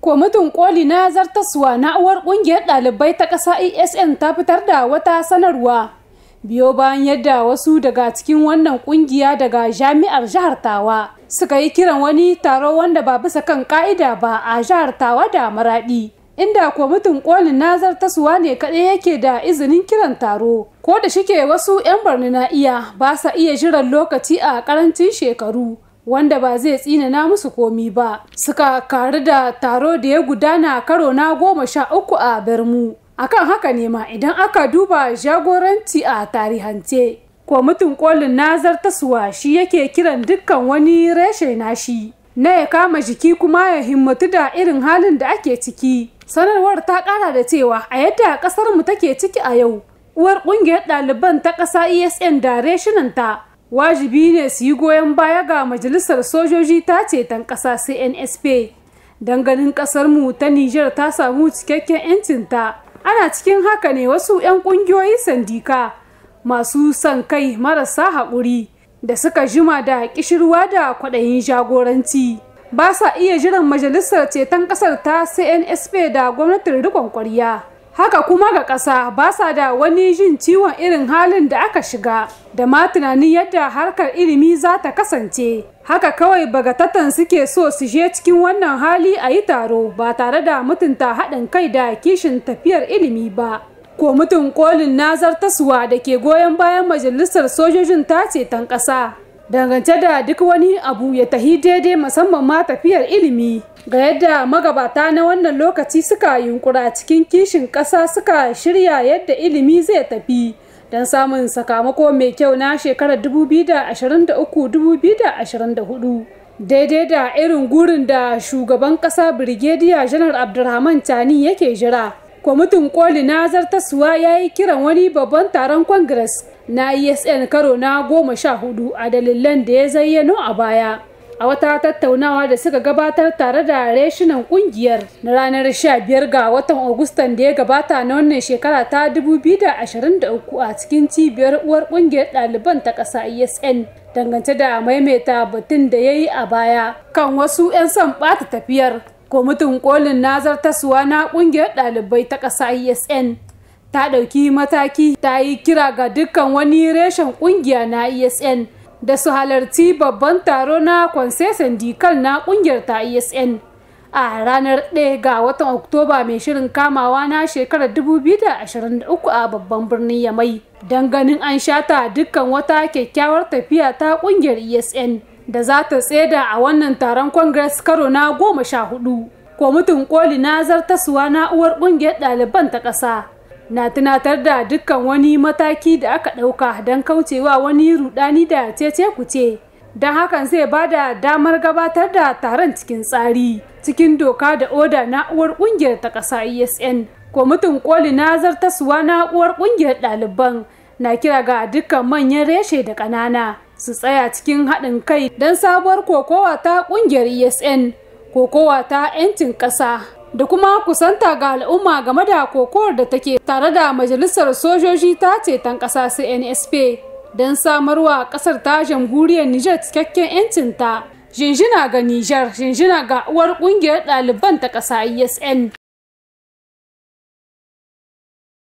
Kwamitin koli na zartaswa na uwar kungiyar ɗalibai ta ƙasa ESN ta fitar da wata sanarwa. Biyo bayan yadda wasu daga cikin wannan kungiya daga jami'ar jihar Tawa suka yi kiran wani taro wanda ba bisa kan ka'ida ba a jihar Tawa da Maraɗi. inda kwamitin kolin na zartaswa ne kaɗai yake da izinin kiran taro ko da shike wasu 'yan barni na iya ba sa iya jiran lokaci a ƙarancin shekaru wanda ba zai tsinana musu komi ba suka karu da taro da ya gudana karo na goma sha uku a bermu akan haka ne ma idan aka duba jagoranci a tarihance kwamitin kolin nazar tasuwa shi yake kiran dukkan wani reshe nashi na ya kama jiki kuma ya himmatu da irin halin da ake ciki sanarwar ta kara da cewa a yadda kasar mu take ciki a yau uwar kungiyar ɗaliban ta ƙasa esn da reshinanta wajibi ne su yi goyon baya ga majalisar sojoji ta ceton ƙasa cnsp don ganin ƙasarmu ta nijar ta samu cikakken 'yancin ta ana cikin haka ne wasu 'yan ƙungiyoyin sandika masu son kai marasa haƙuri da suka jima da ƙishirwa da kwaɗayin jagoranci ba sa iya jiran majalisar ceton ƙasar ta cnsp da gwamnatin riƙon ƙwarya haka kuma ga ƙasa ba sa da wani jin ciwon irin halin da aka shiga da ma tunanin yadda harkar ilimi za ta kasance haka kawai bagatatan suke so su je cikin wannan hali a yi taro ba tare da mutunta haɗin kai da kishin tafiyar ilimi ba ko mutum kolin taswa da ke goyon bayan majalisar sojojin ce tan ƙasa dangance da duk wani abu ya tahi daidai musamman ma tafiyar ilimi ga yadda magabata na wannan lokaci suka yunkura cikin kishin ƙasa suka shirya yadda ilimi zai tafi don samun sakamako mai kyau na shekarar 2023-2024 daidai da irin gurin da shugaban ƙasa birgediya janar abdulrahman tani yake jira kwamitin koli na zartaswa ya yi kiran wani babban taron congress na esn karo na goma sha hudu a dalilan da ya zayyano a baya a wata tattaunawa da suka gabatar tare da reshinan kungiyar na ranar 15 ga watan agustan da ya gabata na wannan shekara ta 2023 a cikin cibiyar uwar kungiyar ɗaliban ta ƙasa esn dangance da maimaita batun da ya yi a baya kan wasu 'yan son ɓata tafiyar kwamitin kolin nazartaswa na kungiyar ɗalibai ta ƙasa esn ta ɗauki mataki ta yi kira ga dukkan wani reshen ƙungiya na esn da su halarci babban taro na concession dikal na ƙungiyar ta esn a ranar 1 ga watan oktoba mai shirin kamawa na shekarar 2023 a babban birnin yamai don ganin an shata dukkan wata kyakkyawar tafiya ta ƙungiyar esn da za ta tseda a wannan taron congress karo na goma sha hudu kwamitin koli na zartaswa na uwar ƙungiyar ɗaliban ta ƙasa na tunatar da dukkan wani mataki da aka ɗauka don kaucewa wani rudani da cece kuce don hakan zai ba da damar gabatar da taron cikin tsari cikin doka da oda na'uwar ƙungiyar ta ƙasa esn kwamitin koli na zartaswa na'uwar ƙungiyar ɗaliban na kira ga dukkan manyan reshe da ƙanana su tsaya cikin haɗin kai don sabuwar kokowa ta ƙungiyar esn kokowa ta 'yancin ƙasa da kuma kusanta ga al'umma game da kokowar da take tare da majalisar sojoji ta ceton ƙasa CNSP don samarwa ƙasar ta jamhuriyar Nijar cikakken 'yancinta. Jinjina ga Nijar, jinjina ga uwar ƙungiyar ɗaliban ta ƙasa ISN. E